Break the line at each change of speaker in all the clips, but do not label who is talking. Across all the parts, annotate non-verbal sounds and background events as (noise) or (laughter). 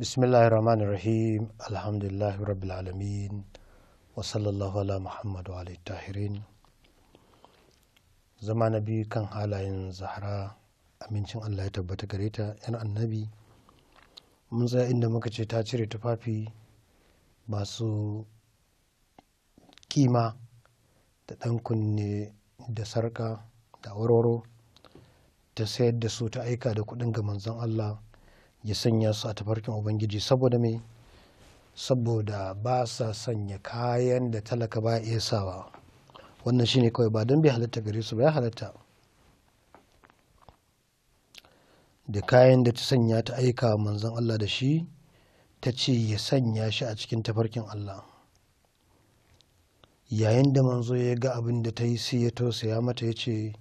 bismillahi rahmanir rahim alhamdulillahi rabbil alamin wa sallallahu ala muhammad wa zama na biyu kan halayen zahra amincin allah ya tabbata gare ta yan annabi mun tsaya inda muka ce ta cire tufafi masu kima da ɗan kunne da sarka da warwaro ta sayar da su ta aika da kuɗin ga manzon allah ya sanya su a tafarkin ubangiji saboda me saboda ba sa sanya kayan da talaka ba iya sawa wannan shine kawai ba don bai halatta gare su ba ya halatta da kayan da ta sanya ta aika manzon Allah da shi ta ce ya sanya shi a cikin tafarkin Allah yayin da manzo ya ga abin da ta yi sai ya tausaya mata ya ce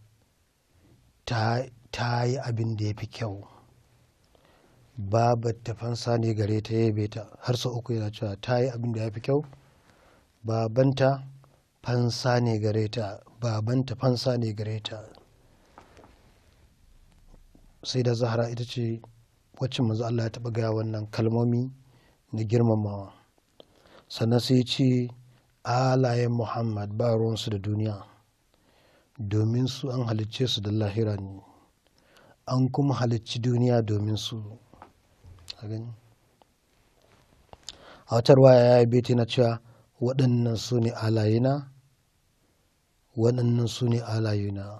ta yi abin da ya fi kyau babu ta fansa ne gare ta yabe ta har sau uku yana cewa ta yi abin da ya fi kyau babanta fansa ne gare ta babanta fansa ne gare ta sai da zahara ita ce wacce manzo Allah ya taɓa gaya wannan kalmomi na girmamawa sannan sai ce alayen muhammad ba ruwansu da duniya domin su an halicce su da lahira ne an kuma halicci duniya domin su a gani a wata ruwaya ya yabe ta na cewa waɗannan su ne alayina waɗannan su ne alayina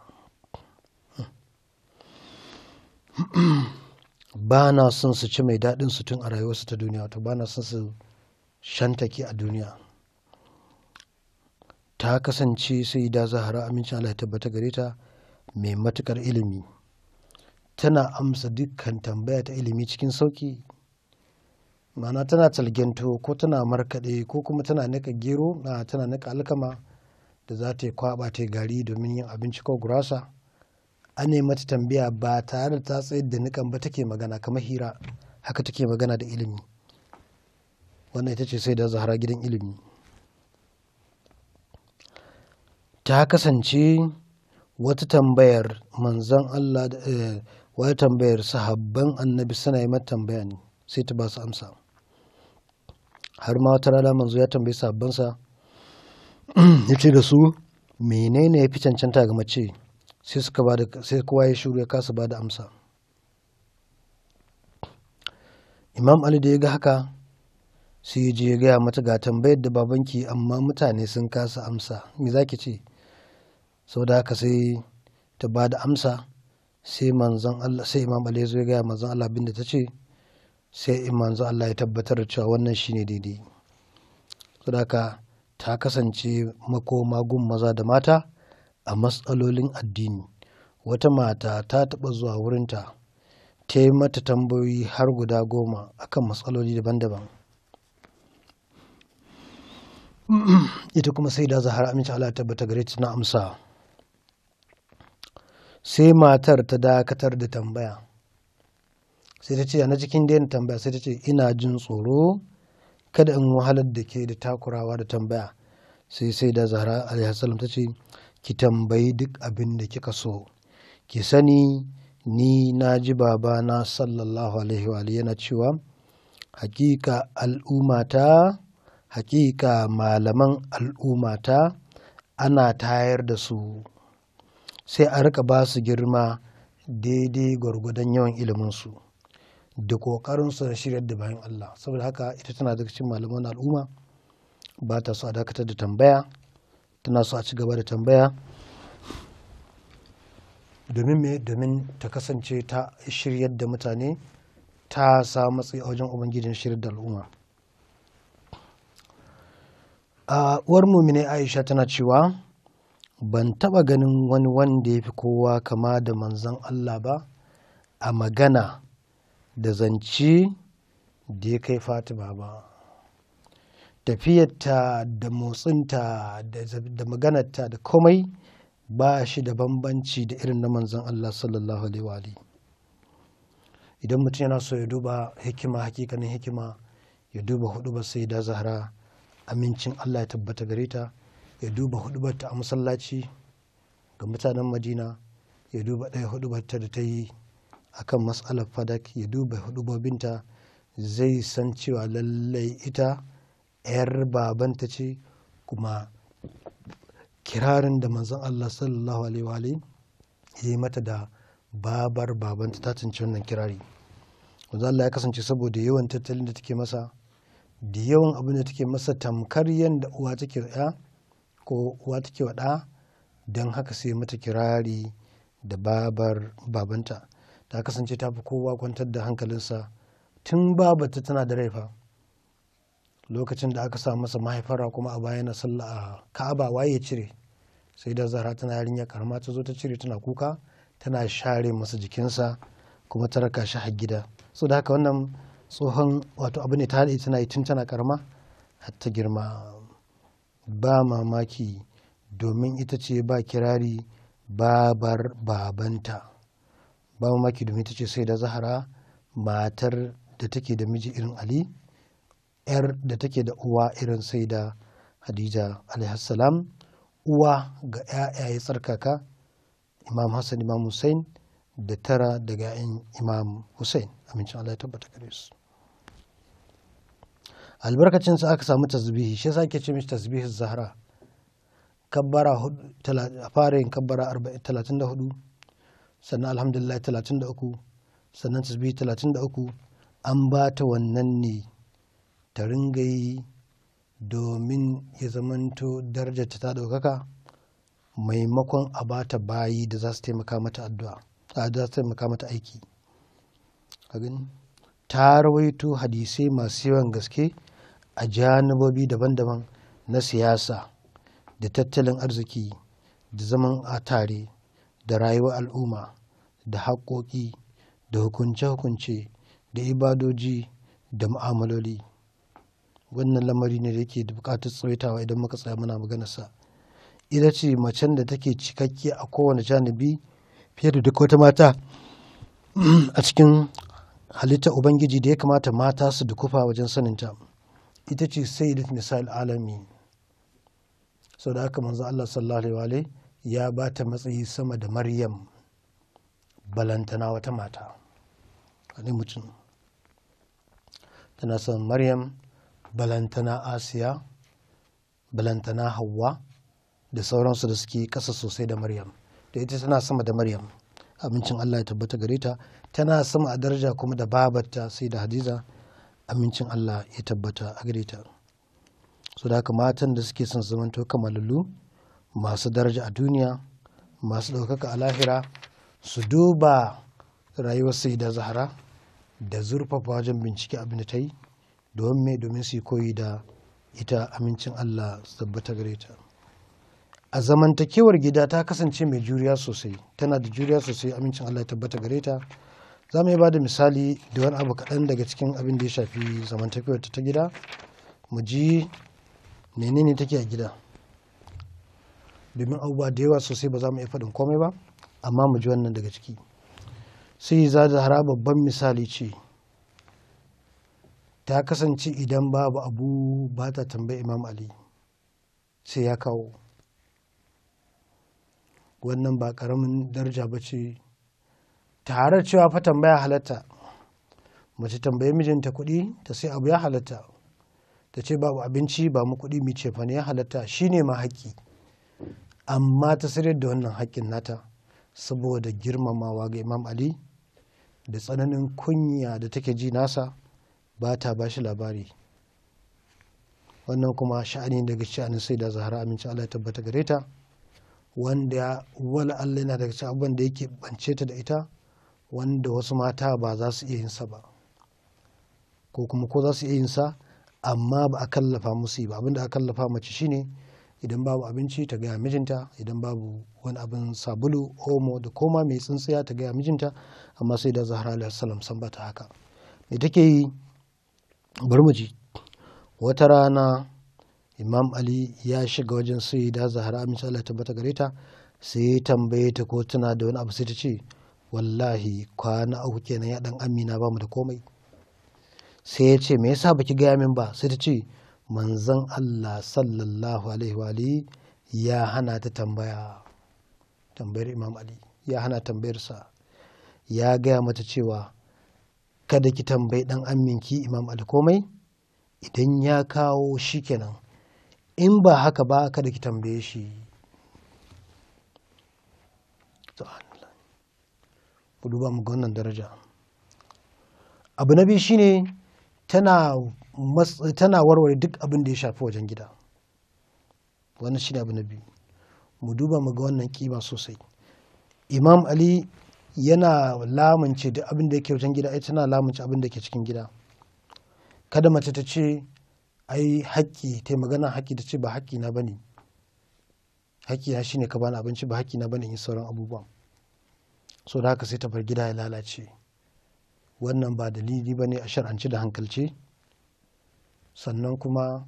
(clears throat) ba na son su ci mai daɗin su tun a rayuwarsu ta duniya wato ba na son su shantake a duniya ta kasance sai da zahara amincin Allah ya tabbata gare ta mai matukar ilimi tana amsa dukkan tambaya ta ilimi cikin sauki ma'ana tana talgento ko tana markaɗe ko kuma tana nika gero na tana nika alkama da za ta yi kwaɓa ta gari domin yin abinci ko gurasa an nemi mata tambaya ba tare da ta tsayar da nikan ba take magana kamar hira haka take magana da ilimi wannan ita ce sai da zahara gidan ilimi ta kasance wata tambayar manzon Allah eh, wai tambayar sahabban annabi suna yi mata tambaya ne sai ta ba su amsa har ma wata rana manzo ya tambayi sahabbansa (clears throat) ya ce da su menene ya fi cancanta ga mace sai suka ba da sai kowa ya shuru ya kasa ba da amsa imam ali da ya ga haka sai ya je ya gaya mata ga tambayar da babanki amma mutane sun kasa amsa me zaki ce sau da haka sai ta ba da amsa sai manzon Allah sai Imam Ali ya ga manzon Allah ta ce sai manzon Allah ya tabbatar da cewa wannan shine daidai sadaka ta kasance makoma gun maza da mata a matsalolin addini wata mata ta taɓa zuwa wurinta ta yi mata tambayoyi har guda goma akan matsaloli daban-daban (clears throat) ita kuma sai da zahara amince Allah tabbata gare ta na amsa sai matar ta dakatar da tambaya sai ta ce na cikin daina tambaya sai ta ce ina jin tsoro kada in wahalar da ke da takurawa da tambaya sai sai da zahra alaihi ta ce ki tambayi duk abin da kika so ki sani ni na ji babana sallallahu alaihi wa yana cewa hakika al'ummata hakika malaman al'ummata ana tayar da su sai a rika ba su girma daidai gwargwadon yawan iliminsu da su da shirya da bayan Allah saboda haka ita tana daga cikin malaman al'umma ba ta so a dakatar da tambaya tana so a ci gaba da tambaya domin me domin ta kasance ta shirya da mutane ta sa matsayi a wajen ubangijin shirya da al'umma a uwar mumine aisha tana cewa ban taɓa ganin wani wanda ya fi kowa kama da manzon Allah ba a magana da zance da ya kai Fatima ba. Tafiyarta da motsinta da maganarta da komai ba shi da bambanci da irin na manzon Allah sallallahu Alaihi Idan mutum yana so ya duba hikima hakikanin hikima ya duba hudu ba sai da zahara amincin Allah ya tabbata gare ta. ya duba hudubarta a masallaci ga mutanen madina ya duba ɗaya hudubarta da ta yi a kan matsalar fadak ya duba hudubobinta zai san cewa lallai ita 'yar babanta ce kuma kirarin da manzon Allah sallallahu alaihi ya yi mata da babar babanta ta cinci wannan kirari wanzu Allah ya kasance saboda yawan tattalin da take masa da yawan abin da take masa tamkar yadda uwa take ya ko uwa take wa ɗa don haka sai mata kirari da babar babanta ta kasance ta fi kowa kwantar da hankalinsa tun babata tana da raifa lokacin da aka sa masa mahaifara kuma a baya na sallah a ka'aba waye cire sai da zahra tana yarinya karama ta zo ta cire tana kuka tana share masa jikinsa kuma ta raka shi har gida so da haka wannan tsohon wato abu ne ta haɗe tana yi tun tana karama har ta girma ba mamaki domin ita ce ba kirari babar babanta ba mamaki domin ita ce sai da zahara matar da take da miji irin ali yar da take da uwa irin sai da hadija alaihassalam uwa ga 'ya'ya tsarkaka imam hassan imam hussein da tara daga 'yan imam hussein amincin allah ya tabbata gare su albarkacin sa aka samu tasbihi shi yasa ake ce mishi tasbihi zahra kabbara fara yin kabbara 34 sannan alhamdulillah 33 sannan tasbihi 33 an ba ta wannan ne ta ringa yi domin ya zamanto darajarta ta ɗaukaka maimakon a ba ta bayi da za su taimaka mata addu'a a da za su taimaka mata aiki ta rawaito hadisai masu yawan gaske a janibobi daban-daban na siyasa da tattalin arziki da zaman a tare da rayuwar al'umma da haƙoƙi da hukunce-hukunce da ibadoji da mu'amaloli wannan lamari ne da yake da buƙatar tsawaitawa idan muka tsaya muna maganarsa ita ce macen da take cikakke a kowane janibi fiye da duk wata mata a cikin halitta ubangiji da ya kamata mata su dukufa wajen saninta. ita ce sayyidat misal alami sau da aka manzo Allah sallallahu alaihi ya ba ta matsayi sama da maryam balantana wata mata ne mutum tana son maryam balantana asiya balantana hawa da sauransu da suke kasa sosai da maryam da ita tana sama da maryam abincin allah ya tabbata gare ta tana sama a daraja kuma da babata sai da hadiza amincin Allah ya tabbata a gare ta so da haka matan da suke son to kamalulu masu daraja a duniya masu ɗaukaka a lahira su duba rayuwar da zahara da zurfafa wajen bincike abin da ta yi domin me domin su koyi da ita amincin Allah su tabbata gare ta a zamantakewar gida ta kasance mai juriya sosai tana da juriya sosai amincin Allah ya tabbata gare ta za mu iya ba da misali da wani abu kaɗan daga cikin abin da ya shafi zamantakewar ta gida mu ji menene take a gida domin abubuwa da yawa sosai ba za mu iya faɗin komai ba amma mu ji wannan daga ciki sai za da hara babban misali ce ta kasance idan babu abu ba ta tambayi imam ali sai ya kawo wannan ba ƙaramin daraja ba ce tare cewa fa tambaya halatta mace tambayi mijinta kuɗi ta sai abu ya halatta ta ce babu abinci ba mu kuɗi mu ce ne ya halatta shine ma haƙƙi amma ta sayar da wannan haƙƙin nata saboda girmamawa ga imam ali da tsananin kunya da take ji nasa ba ta ba shi labari wannan kuma sha'ani daga sha'anin sai da zahara aminci allah ya tabbata gare ta wanda wala allah yana daga cikin abubuwan da yake bance ta da ita wanda wasu mata ba za su iya yin sa ba ko kuma ko za su iya yin sa amma ba a kallafa musu ba abinda a kallafa mace shine idan babu abinci ta gaya mijinta idan babu wani abin sabulu omo da koma mai tsintsiya ta gaya mijinta amma sai da zahra alaihi salam san bata haka me take yi bar mu wata rana imam ali ya shiga wajen sai da zahra amince Allah tabbata gare ta sai ya tambaye ta ko tana da wani abu sai ta ce wallahi kwana uku kenan ya dan amina ba mu da komai sai ya ce me yasa baki gaya min ba sai ta ce manzon Allah sallallahu alaihi wa ya hana ta tambaya tambayar Imam Ali ya hana tambayarsa ya gaya mata cewa kada ki tambayi dan amminki Imam Ali komai idan ya kawo shi kenan in ba haka ba kada ki tambaye shi ku duba mu ga wannan daraja abu na biyu shine tana tana warware duk abin da ya shafi wajen gida wannan shine abu na biyu mu duba mu ga wannan kima sosai imam ali yana lamunce duk abin da yake wajen gida ai tana lamunce abin da ke cikin gida kada mace ta ce ai haƙƙi ta magana haƙƙi ta ce ba haƙƙi na bane haƙƙi na shine ka bani abinci ba haƙƙi na bane in sauran abubuwan so da haka sai ta bar gida ya lalace wannan ba dalili ba ne a shar'anci da hankalce sannan kuma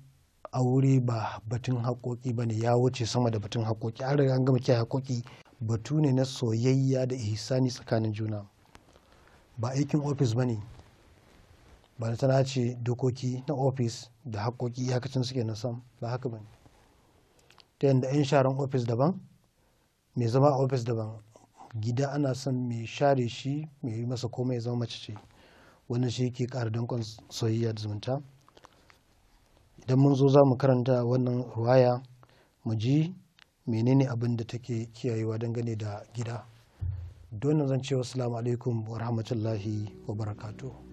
aure ba batun haƙoƙi ba ne ya wuce sama da batun haƙoƙi an riga an gama kiyaye haƙoƙi batu ne na soyayya da ihsani tsakanin juna ba aikin ofis ba ne ba da tana ce dokoki na ofis da haƙoƙi iyakacin suke na sam ba haka ba ne ta yadda 'yan sharan ofis daban mai zama a ofis daban gida ana son mai share shi mai yi masa komai ya zama mace ce wannan shi yake kara dankon soyayya da zumunta idan mun zo za mu karanta wannan ruwaya mu ji menene abin da take kiyayewa dangane da gida don zan ce wasu alaikum wa rahmatullahi wa barakatuh